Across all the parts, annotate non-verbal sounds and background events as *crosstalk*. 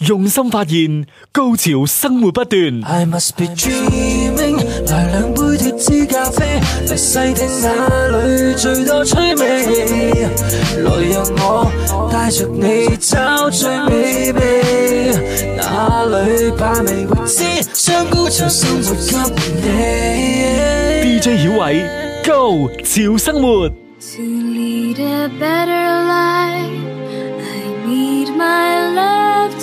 用心發現高潮生活不斷。I must be dreaming，來兩杯脫脂咖啡，嚟細聽那裏最多趣味。來讓我帶着你找最美味，哪裏把味未知，將高潮生活給你。DJ 小偉，Go 潮生活。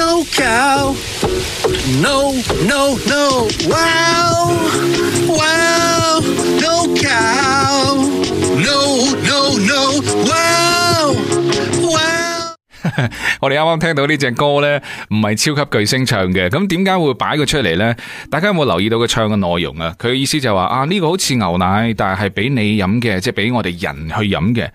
No cow, no, no, no, wow, wow. No cow, no, no, no, wow, wow. *laughs* 我哋啱啱聽到呢隻歌呢，唔係超級巨星唱嘅，咁點解會擺佢出嚟呢？大家有冇留意到佢唱嘅內容啊？佢嘅意思就係話啊，呢個好似牛奶，但係係俾你飲嘅，即係俾我哋人去飲嘅。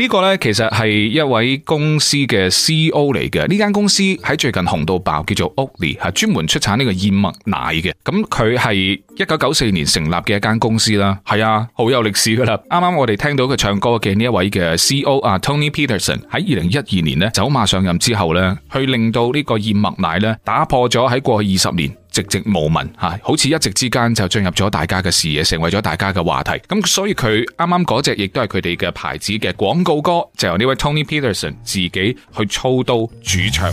呢個呢，其實係一位公司嘅 CEO 嚟嘅，呢間公司喺最近紅到爆，叫做 Oatly，係專門出產呢個燕麥奶嘅。咁佢係一九九四年成立嘅一間公司啦，係啊，好有歷史㗎喇。啱啱我哋聽到佢唱歌嘅呢一位嘅 CEO 啊 Tony Peterson 喺二零一二年呢走馬上任之後呢，去令到呢個燕麥奶呢打破咗喺過去二十年，寂寂無聞吓，好似一直之間就進入咗大家嘅視野，成為咗大家嘅話題。咁所以佢啱啱嗰隻亦都係佢哋嘅牌子嘅廣告歌，就由呢位 Tony Peterson 自己去操刀主唱。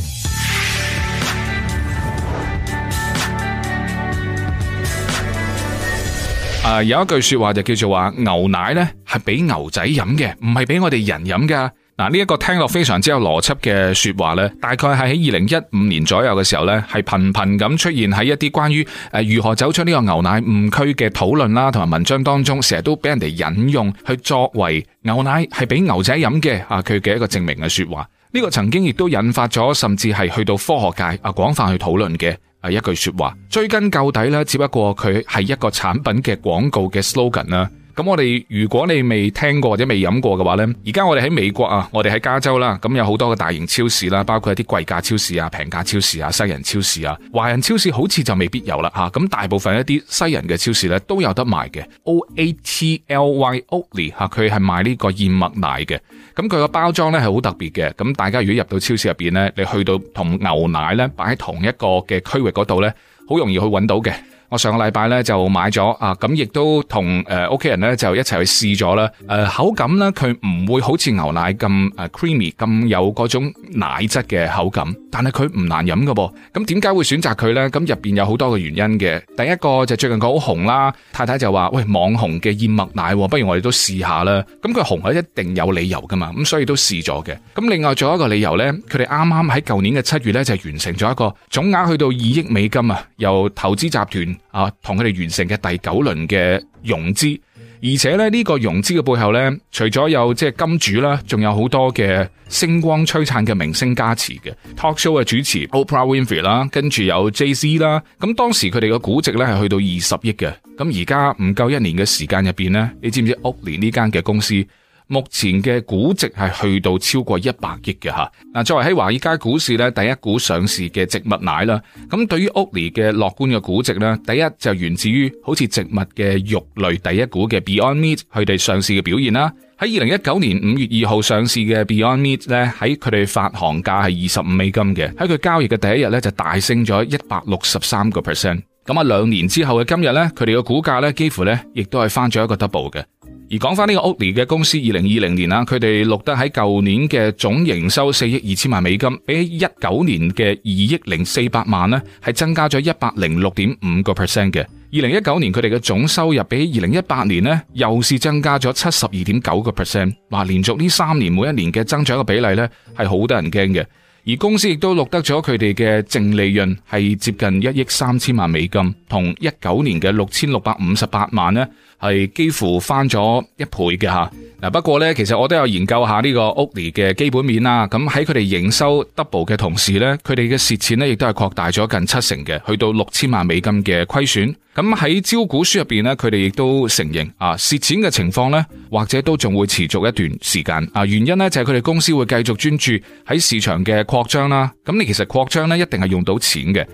啊， *music* uh, 有一句說話就叫做話，牛奶呢係俾牛仔飲嘅，唔係俾我哋人飲噶。嗱，呢一個聽落非常之有邏輯嘅說話咧，大概係喺二零一五年左右嘅時候咧，係頻頻咁出現喺一啲關於誒如何走出呢個牛奶誤區嘅討論啦，同埋文章當中，成日都俾人哋引用去作為牛奶係俾牛仔飲嘅啊，佢嘅一個證明嘅說話。呢個曾經亦都引發咗，甚至係去到科學界啊廣泛去討論嘅啊一句說話。追根究底呢只不過佢係一個產品嘅廣告嘅 slogan 啦。咁我哋如果你未聽過或者未飲過嘅話呢，而家我哋喺美國啊，我哋喺加州啦，咁有好多嘅大型超市啦，包括一啲貴價超市啊、平價超市啊、西人超市啊、華人超市好似就未必有啦吓。咁大部分一啲西人嘅超市呢，都有得賣嘅。O A T L Y Oatly 佢係賣呢個燕麥奶嘅。咁佢個包裝呢係好特別嘅。咁大家如果入到超市入邊呢，你去到同牛奶呢擺喺同一個嘅區域嗰度呢，好容易去揾到嘅。我上個禮拜咧就買咗啊，咁亦都同誒屋企人咧就一齊去試咗啦。誒、呃、口感咧佢唔會好似牛奶咁誒 creamy 咁有嗰種奶質嘅口感，但係佢唔難飲噶噃。咁點解會選擇佢呢？咁入邊有好多個原因嘅。第一個就是，最近佢好紅啦，太太就話喂網紅嘅燕麥奶，哦，不如我哋都試下啦。咁、嗯、佢紅係一定有理由噶嘛，咁所以都試咗嘅。咁、啊、另外仲有一個理由呢，佢哋啱啱喺舊年嘅七月呢，就完成咗一個總額去到二億美金啊，由投資集團。啊，同佢哋完成嘅第九輪嘅融資，而且咧呢個融資嘅背後咧，除咗有即係金主啦，仲有好多嘅星光璀璨嘅明星加持嘅 *noise* talk show 嘅主持 Oprah Winfrey 啦，跟住有 Jay Z 啦，咁當時佢哋嘅估值咧係去到二十億嘅，咁而家唔夠一年嘅時間入邊咧，你知唔知 Oatly 呢間嘅公司？目前嘅估值係去到超過一百億嘅吓，嗱，作為喺華爾街股市咧第一股上市嘅植物奶啦，咁對於 Oatly 嘅樂觀嘅估值咧，第一就源自於好似植物嘅肉類第一股嘅 Beyond Meat 佢哋上市嘅表現啦。喺二零一九年五月二號上市嘅 Beyond Meat 咧，喺佢哋發行價係二十五美金嘅，喺佢交易嘅第一日咧就大升咗一百六十三個 percent，咁啊兩年之後嘅今日咧，佢哋嘅股價咧幾乎咧亦都係翻咗一個 double 嘅。而講翻呢個奧迪嘅公司，二零二零年啊，佢哋錄得喺舊年嘅總營收四億二千萬美金，比起一九年嘅二億零四百萬呢，係增加咗一百零六點五個 percent 嘅。二零一九年佢哋嘅總收入比二零一八年呢，又是增加咗七十二點九個 percent。哇，連續呢三年每一年嘅增長嘅比例呢，係好得人驚嘅。而公司亦都錄得咗佢哋嘅淨利潤係接近一億三千萬美金，同一九年嘅六千六百五十八萬呢。係幾乎翻咗一倍嘅吓，嗱不過呢，其實我都有研究下呢個屋企嘅基本面啦。咁喺佢哋營收 double 嘅同時呢，佢哋嘅蝕錢呢亦都係擴大咗近七成嘅，去到六千萬美金嘅虧損。咁、啊、喺招股書入邊呢，佢哋亦都承認啊，蝕錢嘅情況呢，或者都仲會持續一段時間。啊，原因呢，就係佢哋公司會繼續專注喺市場嘅擴張啦。咁、啊、你其實擴張呢，一定係用到錢嘅。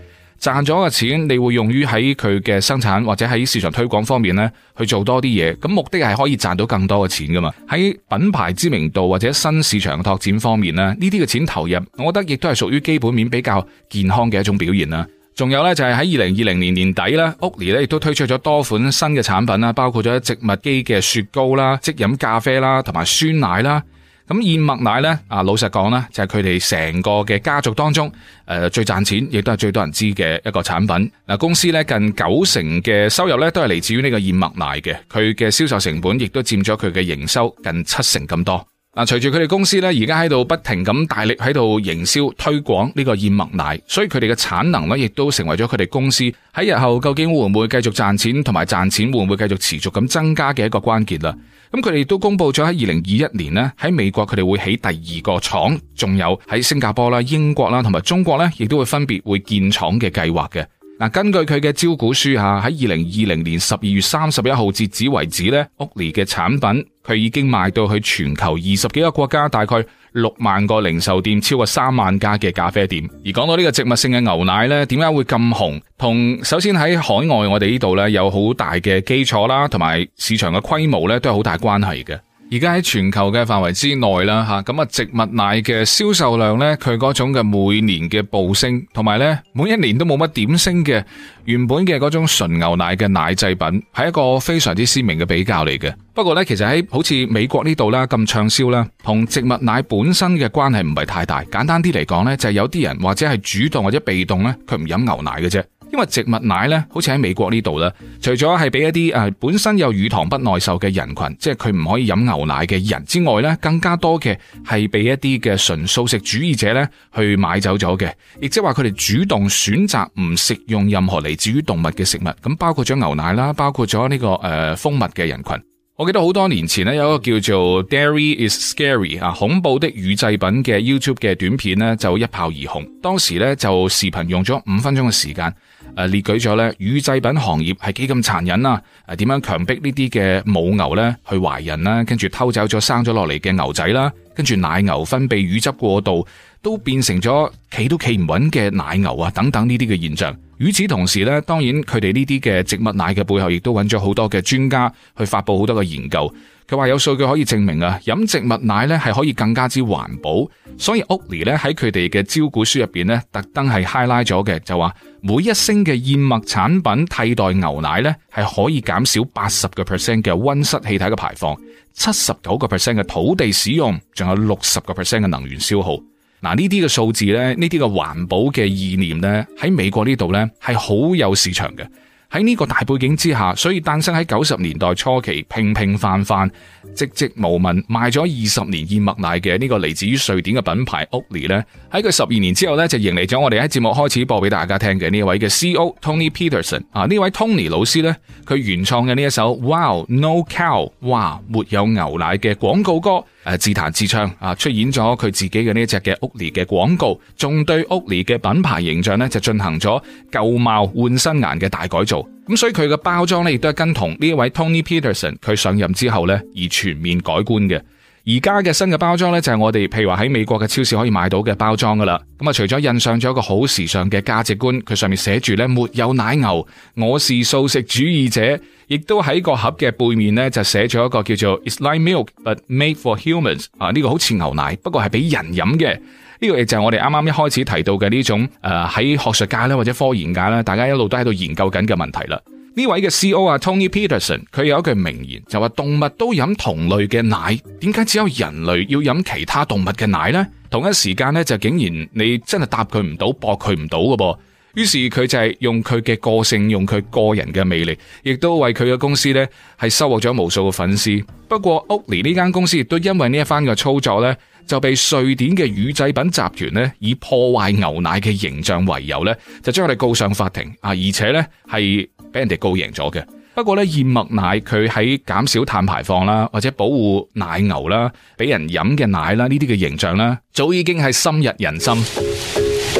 賺咗嘅錢，你會用於喺佢嘅生產或者喺市場推廣方面咧，去做多啲嘢。咁目的係可以賺到更多嘅錢噶嘛。喺品牌知名度或者新市場拓展方面咧，呢啲嘅錢投入，我覺得亦都係屬於基本面比較健康嘅一種表現啦。仲有呢，就係喺二零二零年年底咧，Oatly 咧亦都推出咗多款新嘅產品啦，包括咗植物基嘅雪糕啦、即飲咖啡啦、同埋酸奶啦。咁燕麥奶呢，啊老實講呢，就係佢哋成個嘅家族當中，誒最賺錢，亦都係最多人知嘅一個產品。嗱，公司呢，近九成嘅收入呢，都係嚟自於呢個燕麥奶嘅，佢嘅銷售成本亦都佔咗佢嘅營收近七成咁多。嗱，隨住佢哋公司呢，而家喺度不停咁大力喺度營銷推廣呢個燕麥奶，所以佢哋嘅產能呢，亦都成為咗佢哋公司喺日後究竟會唔會繼續賺錢，同埋賺錢會唔會繼續持續咁增加嘅一個關鍵啦。咁佢哋都公布咗喺二零二一年呢。喺美國佢哋會起第二個廠，仲有喺新加坡啦、英國啦，同埋中國呢，亦都會分別會建廠嘅計劃嘅。嗱，根據佢嘅招股書吓，喺二零二零年十二月三十一號截止為止呢屋 l 嘅產品佢已經賣到去全球二十幾個國家，大概。六萬個零售店，超過三萬家嘅咖啡店。而講到呢個植物性嘅牛奶呢，點解會咁紅？同首先喺海外我，我哋呢度呢有好大嘅基礎啦，同埋市場嘅規模呢都有好大關係嘅。而家喺全球嘅範圍之內啦，吓咁啊，植物奶嘅銷售量呢，佢嗰種嘅每年嘅暴升，同埋呢每一年都冇乜點升嘅原本嘅嗰種純牛奶嘅奶製品，係一個非常之鮮明嘅比較嚟嘅。不過呢，其實喺好似美國呢度啦咁暢銷啦，同植物奶本身嘅關係唔係太大。簡單啲嚟講呢，就係有啲人或者係主動或者被動呢，佢唔飲牛奶嘅啫。因為植物奶咧，好似喺美國呢度咧，除咗係俾一啲誒、呃、本身有乳糖不耐受嘅人群，即係佢唔可以飲牛奶嘅人之外咧，更加多嘅係俾一啲嘅純素食主義者咧去買走咗嘅，亦即係話佢哋主動選擇唔食用任何嚟自於動物嘅食物，咁包括咗牛奶啦，包括咗呢、這個誒、呃、蜂蜜嘅人群。我記得好多年前咧，有一個叫做 Dairy Is Scary 啊恐怖的乳製品嘅 YouTube 嘅短片咧，就一炮而紅。當時呢，就視頻用咗五分鐘嘅時間。誒列舉咗咧，乳製品行業係幾咁殘忍啊！誒點樣強迫呢啲嘅母牛咧去懷孕啦，跟住偷走咗生咗落嚟嘅牛仔啦，跟住奶牛分泌乳汁過度。都變成咗企都企唔穩嘅奶牛啊！等等呢啲嘅現象。與此同時呢，當然佢哋呢啲嘅植物奶嘅背後，亦都揾咗好多嘅專家去發布好多嘅研究。佢話有數據可以證明啊，飲植物奶呢係可以更加之環保。所以 Oatly 咧喺佢哋嘅招股書入邊呢，特登係 highlight 咗嘅，就話每一升嘅燕麥產品替代牛奶呢係可以減少八十個 percent 嘅温室氣體嘅排放，七十九個 percent 嘅土地使用，仲有六十個 percent 嘅能源消耗。嗱，呢啲嘅數字咧，呢啲嘅環保嘅意念咧，喺美國呢度咧係好有市場嘅。喺呢個大背景之下，所以誕生喺九十年代初期，平平凡凡，寂寂無聞，賣咗二十年燕麥奶嘅呢個嚟自於瑞典嘅品牌 Oatly 咧，喺佢十二年之後咧就迎嚟咗我哋喺節目開始播俾大家聽嘅呢一位嘅 CEO Tony Peterson 啊，呢位 Tony 老師咧，佢原創嘅呢一首 Wow No Cow，哇、wow，沒有牛奶嘅廣告歌。誒自彈自唱啊！出演咗佢自己嘅呢隻嘅 Oatly 嘅廣告，仲對 Oatly 嘅品牌形象呢，就進行咗舊貌換新顏嘅大改造。咁所以佢嘅包裝呢，亦都係跟同呢一位 Tony Peterson 佢上任之後呢，而全面改觀嘅。而家嘅新嘅包裝呢，就係我哋譬如話喺美國嘅超市可以買到嘅包裝噶啦。咁啊，除咗印上咗一個好時尚嘅價值觀，佢上面寫住呢：「沒有奶牛，我是素食主義者。亦都喺個盒嘅背面咧，就寫咗一個叫做 It's like milk but made for humans 啊！呢、這個好似牛奶，不過係俾人飲嘅。呢、這個嘢就係我哋啱啱一開始提到嘅呢種誒喺、呃、學術界咧或者科研界啦，大家一路都喺度研究緊嘅問題啦。呢位嘅 CEO 啊 Tony Peterson，佢有一句名言就話：動物都飲同類嘅奶，點解只有人類要飲其他動物嘅奶呢？同一時間呢，就竟然你真係答佢唔到，駁佢唔到嘅噃。於是佢就係用佢嘅個性，用佢個人嘅魅力，亦都為佢嘅公司呢，係收穫咗無數嘅粉絲。不過 Oatly 呢間公司亦都因為呢一番嘅操作呢，就被瑞典嘅乳製品集團呢，以破壞牛奶嘅形象為由呢，就將佢哋告上法庭啊！而且呢，係俾人哋告贏咗嘅。不過呢，燕麥奶佢喺減少碳排放啦，或者保護奶牛啦，俾人飲嘅奶啦，呢啲嘅形象啦，早已經係深入人心。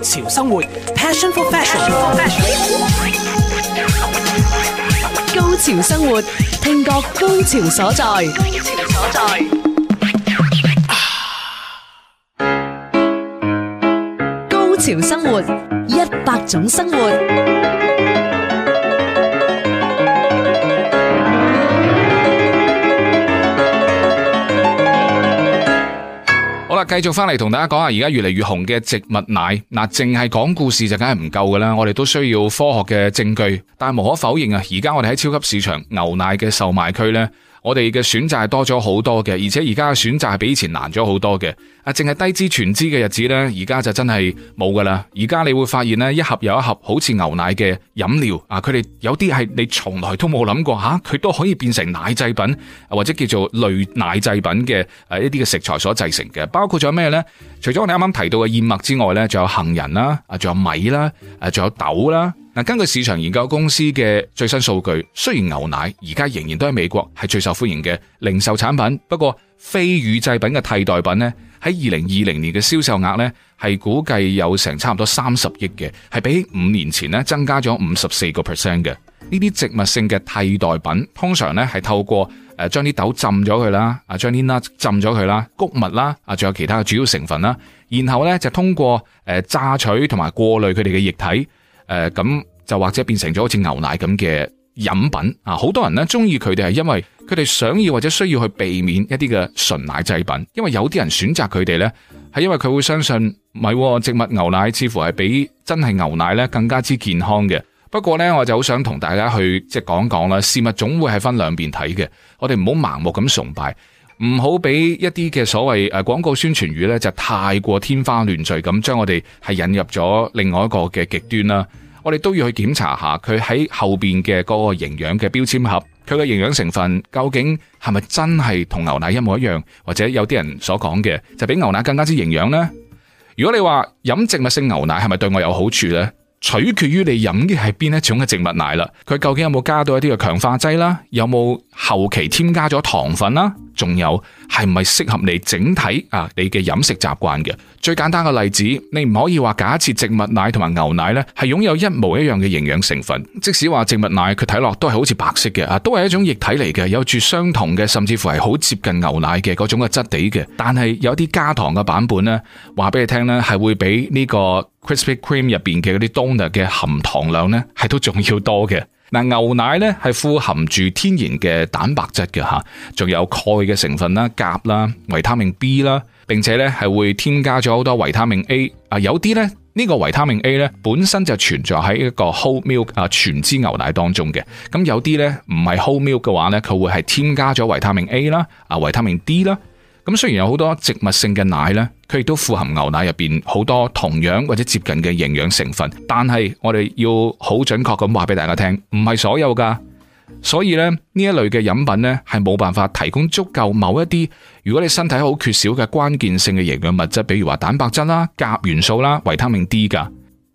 高潮生活，passion for fashion。高潮生活，聽覺高潮所在。高潮所在。高潮生活，一百種生活。繼續翻嚟同大家講下，而家越嚟越紅嘅植物奶，嗱，淨係講故事就梗係唔夠㗎啦，我哋都需要科學嘅證據。但係無可否認啊，而家我哋喺超級市場牛奶嘅售賣區呢。我哋嘅選擇係多咗好多嘅，而且而家嘅選擇係比以前難咗好多嘅。啊，淨係低脂全脂嘅日子咧，而家就真係冇噶啦。而家你會發現咧，一盒又一盒好似牛奶嘅飲料，啊，佢哋有啲係你從來都冇諗過嚇，佢、啊、都可以變成奶製品或者叫做類奶製品嘅誒一啲嘅食材所製成嘅。包括咗咩咧？除咗我哋啱啱提到嘅燕麥之外咧，仲有杏仁啦，啊，仲有米啦，誒，仲有豆啦。嗱，根據市場研究公司嘅最新數據，雖然牛奶而家仍然都喺美國係最受歡迎嘅零售產品，不過非乳製品嘅替代品呢，喺二零二零年嘅銷售額呢，係估計有成差唔多三十億嘅，係比五年前呢增加咗五十四個 percent 嘅。呢啲植物性嘅替代品通常呢，係透過誒將啲豆浸咗佢啦，啊將啲粒浸咗佢啦，谷物啦，啊仲有其他嘅主要成分啦，然後呢，就通過誒榨取同埋過濾佢哋嘅液體。誒，咁、呃、就或者變成咗好似牛奶咁嘅飲品啊！好多人咧中意佢哋係因為佢哋想要或者需要去避免一啲嘅純奶製品，因為有啲人選擇佢哋呢係因為佢會相信，唔係、哦、植物牛奶似乎係比真係牛奶咧更加之健康嘅。不過呢，我就好想同大家去即係講講啦，事物總會係分兩邊睇嘅，我哋唔好盲目咁崇拜。唔好俾一啲嘅所謂誒廣告宣傳語呢，就太過天花亂墜咁，將我哋係引入咗另外一個嘅極端啦。我哋都要去檢查下佢喺後邊嘅嗰個營養嘅標籤盒，佢嘅營養成分究竟係咪真係同牛奶一模一樣，或者有啲人所講嘅就比牛奶更加之營養呢？如果你話飲植物性牛奶係咪對我有好處呢？取決於你飲嘅係邊一種嘅植物奶啦，佢究竟有冇加到一啲嘅強化劑啦，有冇後期添加咗糖分啦，仲有係唔係適合你整體啊你嘅飲食習慣嘅。最簡單嘅例子，你唔可以話假設植物奶同埋牛奶呢係擁有一模一樣嘅營養成分，即使話植物奶佢睇落都係好似白色嘅啊，都係一種液體嚟嘅，有住相同嘅，甚至乎係好接近牛奶嘅嗰種嘅質地嘅。但係有啲加糖嘅版本呢，話俾你聽呢，係會俾呢、這個。Crispy Cream 入邊嘅啲 donut 嘅含糖量呢，係都仲要多嘅。嗱，牛奶呢係富含住天然嘅蛋白質嘅吓，仲有鈣嘅成分啦、鉀啦、維他命 B 啦，並且呢係會添加咗好多維他命 A 啊。有啲呢呢個維他命 A 呢本身就存在喺一個 whole milk 啊全脂牛奶當中嘅。咁有啲呢唔係 whole milk 嘅話呢，佢會係添加咗維他命 A 啦、啊維他命 D 啦。咁雖然有好多植物性嘅奶呢，佢亦都富含牛奶入邊好多同樣或者接近嘅營養成分，但係我哋要好準確咁話俾大家聽，唔係所有噶，所以呢，呢一類嘅飲品呢係冇辦法提供足夠某一啲，如果你身體好缺少嘅關鍵性嘅營養物質，比如話蛋白質啦、鉀元素啦、維他命 D 噶。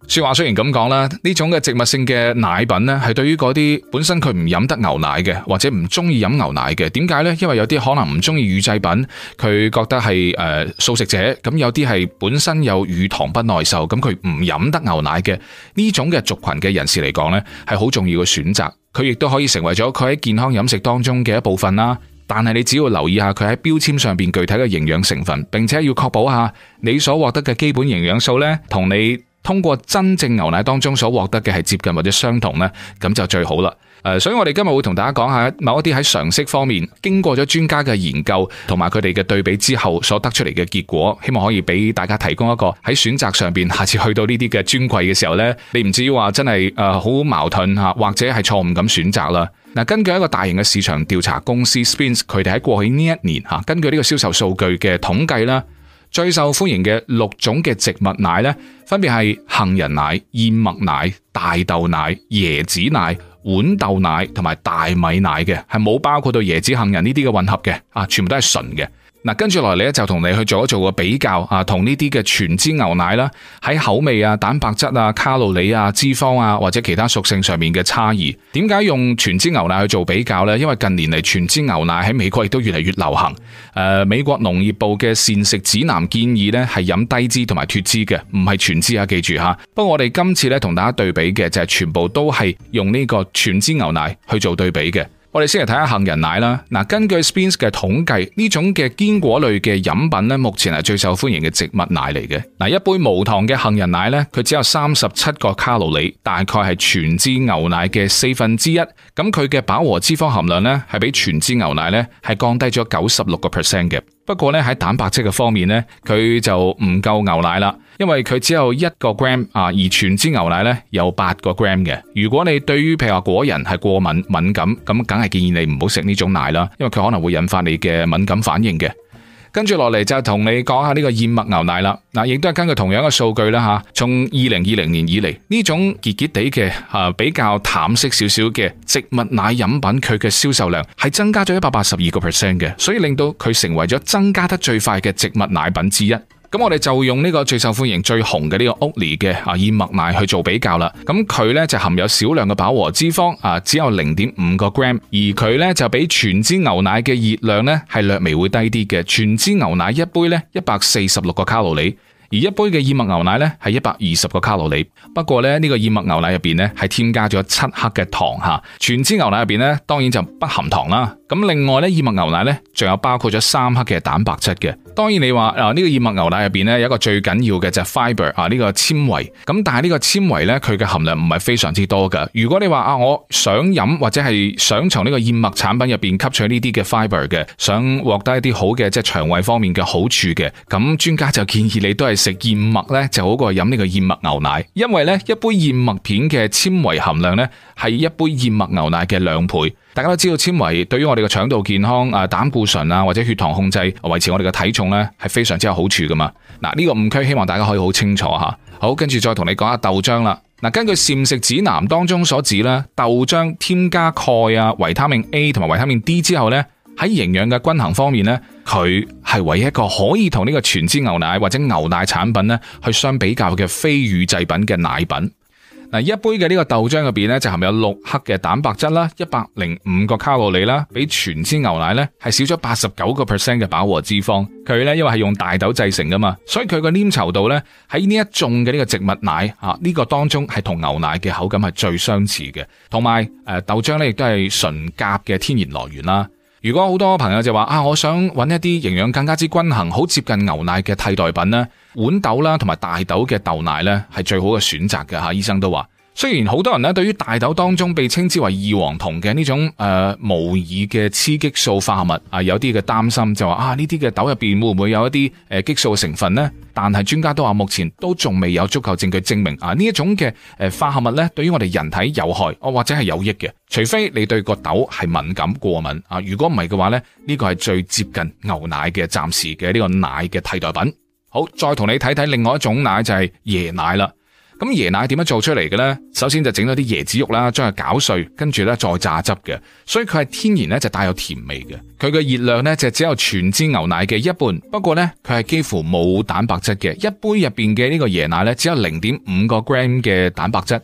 說話雖然咁講啦，呢種嘅植物性嘅奶品呢，係對於嗰啲本身佢唔飲得牛奶嘅，或者唔中意飲牛奶嘅，點解呢？因為有啲可能唔中意乳製品，佢覺得係誒、呃、素食者，咁有啲係本身有乳糖不耐受，咁佢唔飲得牛奶嘅呢種嘅族群嘅人士嚟講呢，係好重要嘅選擇。佢亦都可以成為咗佢喺健康飲食當中嘅一部分啦。但係你只要留意下佢喺標籤上邊具體嘅營養成分，並且要確保下你所獲得嘅基本營養素呢，同你。通過真正牛奶當中所獲得嘅係接近或者相同呢，咁就最好啦。誒，所以我哋今日會同大家講下某一啲喺常識方面經過咗專家嘅研究同埋佢哋嘅對比之後所得出嚟嘅結果，希望可以俾大家提供一個喺選擇上邊，下次去到呢啲嘅專櫃嘅時候呢，你唔至於話真係誒好矛盾吓，或者係錯誤咁選擇啦。嗱，根據一個大型嘅市場調查公司 Spins，佢哋喺過去呢一年吓，根據呢個銷售數據嘅統計啦。最受歡迎嘅六種嘅植物奶呢，分別係杏仁奶、燕麥奶、大豆奶、椰子奶、豌豆奶同埋大米奶嘅，係冇包括到椰子、杏仁呢啲嘅混合嘅，啊，全部都係純嘅。嗱，跟住落嚟咧就同你去做一做個比較啊，同呢啲嘅全脂牛奶啦，喺口味啊、蛋白質啊、卡路里啊、脂肪啊或者其他屬性上面嘅差異。點解用全脂牛奶去做比較呢？因為近年嚟全脂牛奶喺美國亦都越嚟越流行。誒、呃，美國農業部嘅膳食指南建議呢，係飲低脂同埋脫脂嘅，唔係全脂啊，記住吓、啊。不過我哋今次咧同大家對比嘅就係全部都係用呢個全脂牛奶去做對比嘅。我哋先嚟睇下杏仁奶啦。根據 Spins 嘅統計，呢種嘅堅果類嘅飲品目前係最受歡迎嘅植物奶嚟嘅。一杯無糖嘅杏仁奶，佢只有三十七個卡路里，大概係全脂牛奶嘅四分之一。咁佢嘅飽和脂肪含量咧，係比全脂牛奶咧係降低咗九十六個 percent 嘅。不過咧喺蛋白質嘅方面咧，佢就唔夠牛奶啦。因為佢只有一個 gram 啊，而全脂牛奶呢有八個 gram 嘅。如果你對於譬如話果仁係過敏敏感，咁梗係建議你唔好食呢種奶啦，因為佢可能會引發你嘅敏感反應嘅。跟住落嚟就同你講下呢個燕麥牛奶啦。嗱，亦都係根據同樣嘅數據啦吓，從二零二零年以嚟呢種結結地嘅吓比較淡色少少嘅植物奶飲品，佢嘅銷售量係增加咗一百八十二個 percent 嘅，所以令到佢成為咗增加得最快嘅植物奶品之一。咁我哋就會用呢個最受歡迎、最紅嘅呢個 Oatly 嘅啊燕麥奶去做比較啦。咁佢呢就含有少量嘅飽和脂肪，啊只有零點五個 gram。而佢呢就比全脂牛奶嘅熱量呢係略微會低啲嘅。全脂牛奶一杯呢，一百四十六個卡路里，而一杯嘅燕麥牛奶呢，係一百二十個卡路里。不過呢，呢個燕麥牛奶入邊呢係添加咗七克嘅糖吓，全脂牛奶入邊呢，當然就不含糖啦。咁另外咧，燕麥牛奶咧，仲有包括咗三克嘅蛋白質嘅。當然你話啊，呢個燕麥牛奶入邊咧有一個最緊要嘅就係 fiber 啊，呢個纖維。咁但係呢個纖維咧，佢嘅含量唔係非常之多嘅。如果你話啊，我想飲或者係想從呢個燕麥產品入邊吸取呢啲嘅 fiber 嘅，想獲得一啲好嘅即係腸胃方面嘅好處嘅，咁專家就建議你都係食燕麥咧就好過飲呢個燕麥牛奶，因為咧一杯燕麥片嘅纖維含量咧係一杯燕麥牛奶嘅兩倍。大家都知道纖維對於我哋嘅腸道健康、誒膽固醇啊或者血糖控制、維持我哋嘅體重呢，係非常之有好處噶嘛。嗱、這、呢個誤區，希望大家可以好清楚吓。好，跟住再同你講下豆漿啦。嗱，根據膳食指南當中所指呢，豆漿添加鈣啊、維他命 A 同埋維他命 D 之後呢，喺營養嘅均衡方面呢，佢係唯一一個可以同呢個全脂牛奶或者牛奶產品呢去相比較嘅非乳製品嘅奶品。嗱，一杯嘅呢個豆漿入邊咧，就含有六克嘅蛋白質啦，一百零五個卡路里啦，比全脂牛奶咧係少咗八十九個 percent 嘅飽和脂肪。佢咧因為係用大豆製成噶嘛，所以佢個黏稠度，咧喺呢一種嘅呢個植物奶吓呢、呢個當中係同牛奶嘅口感係最相似嘅，同埋誒豆漿咧亦都係純鉀嘅天然來源啦。如果好多朋友就話啊，我想揾一啲營養更加之均衡、好接近牛奶嘅替代品呢，豌豆啦同埋大豆嘅豆奶呢係最好嘅選擇嘅嚇，醫生都話。雖然好多人咧對於大豆當中被稱之為異黃酮嘅呢種誒模擬嘅雌激素化合物有啊有啲嘅擔心，就話啊呢啲嘅豆入邊會唔會有一啲誒激素嘅成分呢？但係專家都話目前都仲未有足夠證據證明啊呢一種嘅誒化合物咧對於我哋人體有害，啊、或者係有益嘅，除非你對個豆係敏感過敏啊。如果唔係嘅話咧，呢、這個係最接近牛奶嘅暫時嘅呢個奶嘅替代品。好，再同你睇睇另外一種奶就係椰奶啦。咁椰奶點樣做出嚟嘅呢？首先就整咗啲椰子肉啦，將佢攪碎，跟住咧再榨汁嘅，所以佢係天然咧就帶有甜味嘅。佢嘅熱量咧就只有全脂牛奶嘅一半，不過咧佢係幾乎冇蛋白質嘅。一杯入邊嘅呢個椰奶咧只有零點五個 gram 嘅蛋白質。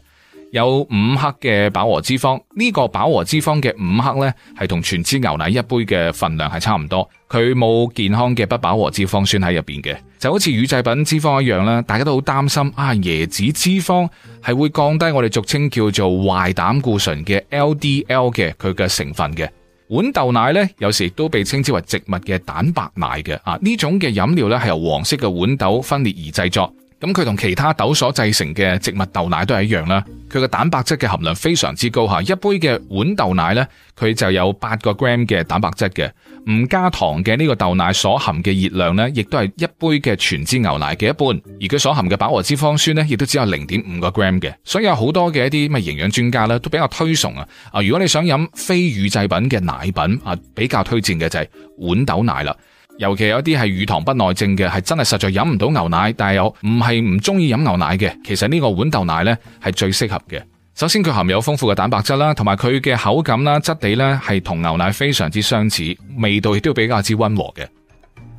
有五克嘅飽和脂肪，呢個飽和脂肪嘅五克呢，係同全脂牛奶一杯嘅份量係差唔多。佢冇健康嘅不飽和脂肪酸喺入邊嘅，就好似乳製品脂肪一樣啦。大家都好擔心啊，椰子脂肪係會降低我哋俗稱叫做壞膽固醇嘅 LDL 嘅佢嘅成分嘅。豌豆奶呢，有時都被稱之為植物嘅蛋白奶嘅啊，呢種嘅飲料呢，係由黃色嘅豌豆分裂而製作。咁佢同其他豆所製成嘅植物豆奶都係一樣啦，佢嘅蛋白質嘅含量非常之高吓，一杯嘅碗豆奶呢，佢就有八個 gram 嘅蛋白質嘅，唔加糖嘅呢個豆奶所含嘅熱量呢，亦都係一杯嘅全脂牛奶嘅一半，而佢所含嘅飽和脂肪酸呢，亦都只有零點五個 gram 嘅，所以有好多嘅一啲咩營養專家咧，都比較推崇啊啊！如果你想飲非乳製品嘅奶品，啊，比較推薦嘅就係碗豆奶啦。尤其有一啲係乳糖不耐症嘅，係真係實在飲唔到牛奶，但係又唔係唔中意飲牛奶嘅。其實呢個豌豆奶呢係最適合嘅。首先佢含有豐富嘅蛋白質啦，同埋佢嘅口感啦、質地呢係同牛奶非常之相似，味道亦都比較之溫和嘅。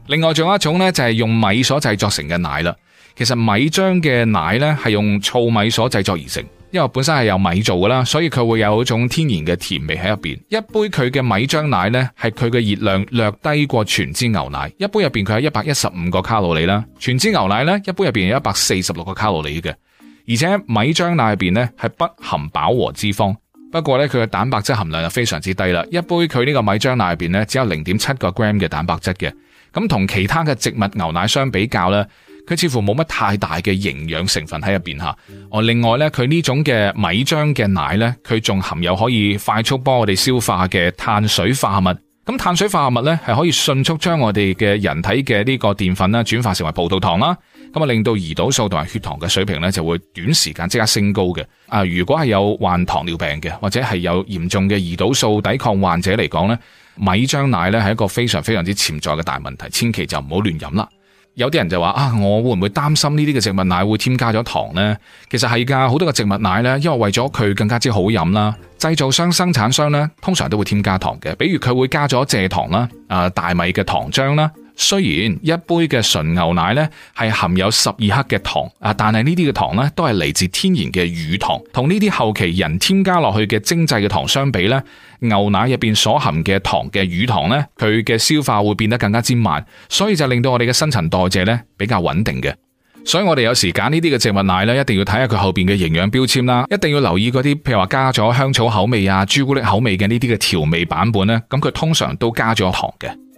另外仲有一種呢，就係用米所製作成嘅奶啦。其實米漿嘅奶呢係用糙米所製作而成。因為本身係有米做㗎啦，所以佢會有嗰種天然嘅甜味喺入邊。一杯佢嘅米漿奶呢，係佢嘅熱量略低過全脂牛奶。一杯入邊佢有一百一十五個卡路里啦，全脂牛奶呢，一杯入邊有一百四十六個卡路里嘅。而且米漿奶入邊呢，係不含飽和脂肪，不過呢，佢嘅蛋白質含量就非常之低啦。一杯佢呢個米漿奶入邊呢，只有零點七個 gram 嘅蛋白質嘅。咁同其他嘅植物牛奶相比較呢。佢似乎冇乜太大嘅營養成分喺入邊哈哦，另外咧，佢呢種嘅米漿嘅奶咧，佢仲含有可以快速幫我哋消化嘅碳水化合物。咁碳水化合物咧，係可以迅速將我哋嘅人體嘅呢個澱粉啦轉化成為葡萄糖啦，咁啊令到胰島素同埋血糖嘅水平咧就會短時間即刻升高嘅。啊，如果係有患糖尿病嘅，或者係有嚴重嘅胰島素抵抗患者嚟講咧，米漿奶咧係一個非常非常之潛在嘅大問題，千祈就唔好亂飲啦。有啲人就話啊，我會唔會擔心呢啲嘅植物奶會添加咗糖呢？其實係噶，好多嘅植物奶呢，因為為咗佢更加之好飲啦，製造商、生產商呢，通常都會添加糖嘅，比如佢會加咗蔗糖啦，啊大米嘅糖漿啦。雖然一杯嘅純牛奶咧係含有十二克嘅糖啊，但係呢啲嘅糖咧都係嚟自天然嘅乳糖，同呢啲後期人添加落去嘅精製嘅糖相比咧，牛奶入邊所含嘅糖嘅乳糖咧，佢嘅消化會變得更加之慢，所以就令到我哋嘅新陳代謝咧比較穩定嘅。所以我哋有時揀呢啲嘅植物奶咧，一定要睇下佢後邊嘅營養標籤啦，一定要留意嗰啲譬如話加咗香草口味啊、朱古力口味嘅呢啲嘅調味版本咧，咁佢通常都加咗糖嘅。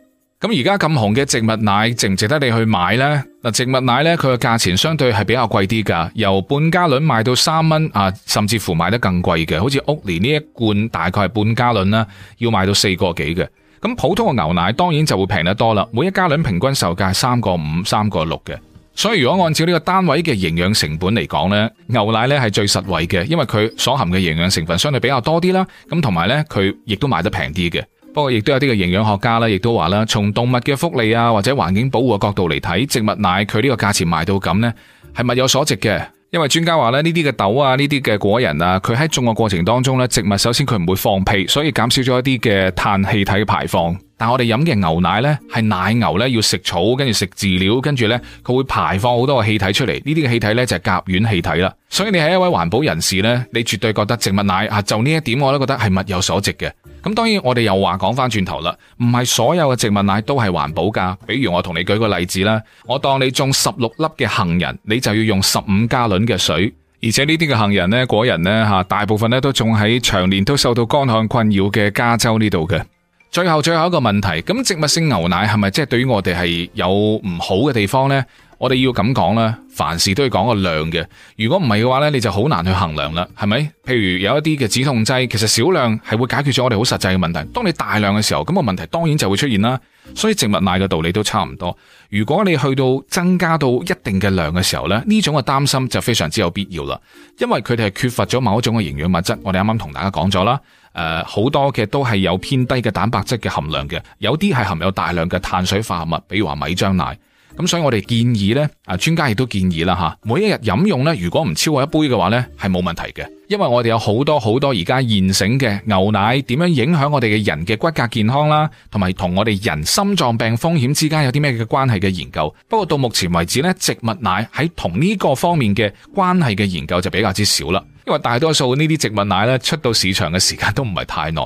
咁而家咁紅嘅植物奶值唔值得你去買呢？嗱，植物奶呢，佢個價錢相對係比較貴啲噶，由半加侖賣到三蚊啊，甚至乎賣得更貴嘅，好似屋連呢一罐大概係半加侖啦，要賣到四個幾嘅。咁、嗯、普通嘅牛奶當然就會平得多啦，每一加侖平均售價三個五、三個六嘅。所以如果按照呢個單位嘅營養成本嚟講呢，牛奶呢係最實惠嘅，因為佢所含嘅營養成分相對比較多啲啦。咁同埋呢，佢亦都賣得平啲嘅。不過，亦都有啲嘅營養學家咧，亦都話啦，從動物嘅福利啊，或者環境保護嘅角度嚟睇，植物奶佢呢個價錢賣到咁呢，係物有所值嘅。因為專家話咧，呢啲嘅豆啊，呢啲嘅果仁啊，佢喺種嘅過程當中呢，植物首先佢唔會放屁，所以減少咗一啲嘅碳氣體排放。但我哋飲嘅牛奶呢，係奶牛呢要食草，跟住食飼料，跟住呢，佢會排放好多嘅氣體出嚟。呢啲嘅氣體呢，就係甲烷氣體啦。所以你係一位環保人士呢，你絕對覺得植物奶啊，就呢一點我都覺得係物有所值嘅。咁當然我，我哋又話講翻轉頭啦，唔係所有嘅植物奶都係環保㗎。比如我同你舉個例子啦，我當你種十六粒嘅杏仁，你就要用十五加侖嘅水，而且呢啲嘅杏仁呢，果仁呢，嚇，大部分呢都種喺長年都受到乾旱困擾嘅加州呢度嘅。最後最後一個問題，咁植物性牛奶係咪即係對於我哋係有唔好嘅地方呢？我哋要咁講啦，凡事都要講個量嘅。如果唔係嘅話呢，你就好難去衡量啦，係咪？譬如有一啲嘅止痛劑，其實少量係會解決咗我哋好實際嘅問題。當你大量嘅時候，咁個問題當然就會出現啦。所以植物奶嘅道理都差唔多。如果你去到增加到一定嘅量嘅時候呢，呢種嘅擔心就非常之有必要啦。因為佢哋係缺乏咗某一種嘅營養物質。我哋啱啱同大家講咗啦，誒、呃，好多嘅都係有偏低嘅蛋白質嘅含量嘅，有啲係含有大量嘅碳水化合物，比如話米漿奶。咁所以我哋建議呢，啊專家亦都建議啦吓，每一日飲用呢，如果唔超過一杯嘅話呢，係冇問題嘅。因為我哋有好多好多而家現成嘅牛奶，點樣影響我哋嘅人嘅骨骼健康啦，同埋同我哋人心臟病風險之間有啲咩嘅關係嘅研究。不過到目前為止呢，植物奶喺同呢個方面嘅關係嘅研究就比較之少啦，因為大多數呢啲植物奶呢，出到市場嘅時間都唔係太耐。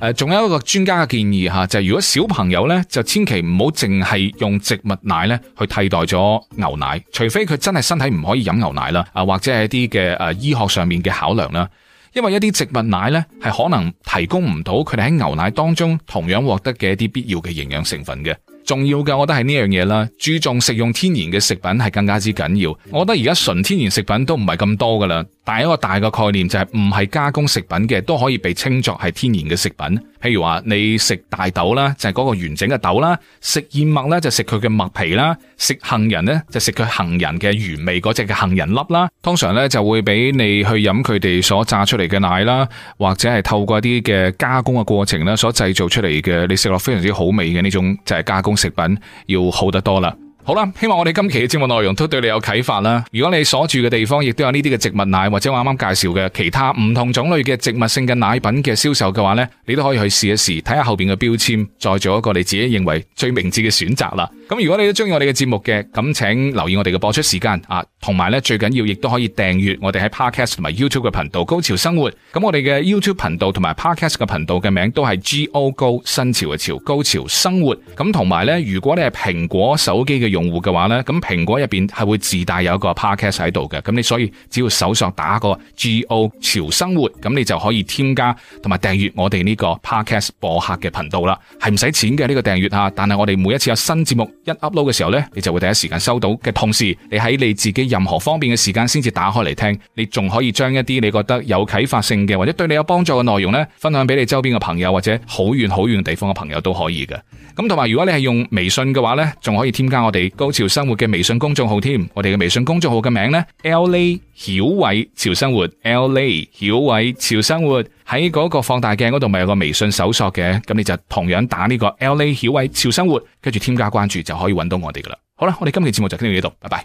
誒，仲有一個專家嘅建議吓，就係如果小朋友咧，就千祈唔好淨係用植物奶咧去替代咗牛奶，除非佢真係身體唔可以飲牛奶啦，啊或者係一啲嘅，誒，醫學上面嘅考量啦，因為一啲植物奶咧係可能提供唔到佢哋喺牛奶當中同樣獲得嘅一啲必要嘅營養成分嘅。重要嘅，我覺得係呢樣嘢啦，注重食用天然嘅食品係更加之緊要。我覺得而家純天然食品都唔係咁多㗎喇，但係一個大嘅概念就係唔係加工食品嘅都可以被稱作係天然嘅食品。譬如話你食大豆啦，就係、是、嗰個完整嘅豆啦；食燕麥咧，就食佢嘅麥皮啦；食杏仁咧，就食、是、佢杏仁嘅原味嗰隻嘅杏仁粒啦。通常咧就會畀你去飲佢哋所榨出嚟嘅奶啦，或者係透過一啲嘅加工嘅過程咧，所製造出嚟嘅，你食落非常之好味嘅呢種就係加工食品要好得多啦。好啦，希望我哋今期嘅節目內容都對你有啟發啦。如果你所住嘅地方亦都有呢啲嘅植物奶，或者我啱啱介紹嘅其他唔同種類嘅植物性嘅奶品嘅銷售嘅話呢，你都可以去試一試，睇下後邊嘅標籤，再做一個你自己認為最明智嘅選擇啦。咁如果你都中意我哋嘅節目嘅，咁請留意我哋嘅播出時間啊，同埋呢，最緊要亦都可以訂閱我哋喺 Podcast 同埋 YouTube 嘅頻道《高潮生活》。咁我哋嘅 YouTube 頻道同埋 Podcast 嘅頻道嘅名都係 G O 高新潮嘅潮，高潮生活。咁同埋呢，如果你係蘋果手機嘅用戶嘅話呢，咁蘋果入邊係會自帶有一個 Podcast 喺度嘅。咁你所以只要搜索打個 G O 潮生活，咁你就可以添加同埋訂閱我哋呢個 Podcast 播客嘅頻道啦，係唔使錢嘅呢個訂閱啊。但係我哋每一次有新節目，一 upload 嘅時候呢，你就會第一時間收到嘅。同時，你喺你自己任何方便嘅時間先至打開嚟聽。你仲可以將一啲你覺得有啟發性嘅或者對你有幫助嘅內容咧，分享俾你周邊嘅朋友或者好遠好遠嘅地方嘅朋友都可以嘅。咁同埋，如果你係用微信嘅話呢，仲可以添加我哋高潮生活嘅微信公眾號添。我哋嘅微信公眾號嘅名呢，LA 曉偉潮生活，LA 曉偉潮生活。喺嗰個放大鏡嗰度咪有個微信搜索嘅，咁你就同樣打呢個 LA 曉偉潮生活，跟住添加關注就可以揾到我哋噶啦。好啦，我哋今期嘅節目就傾到呢度，拜拜。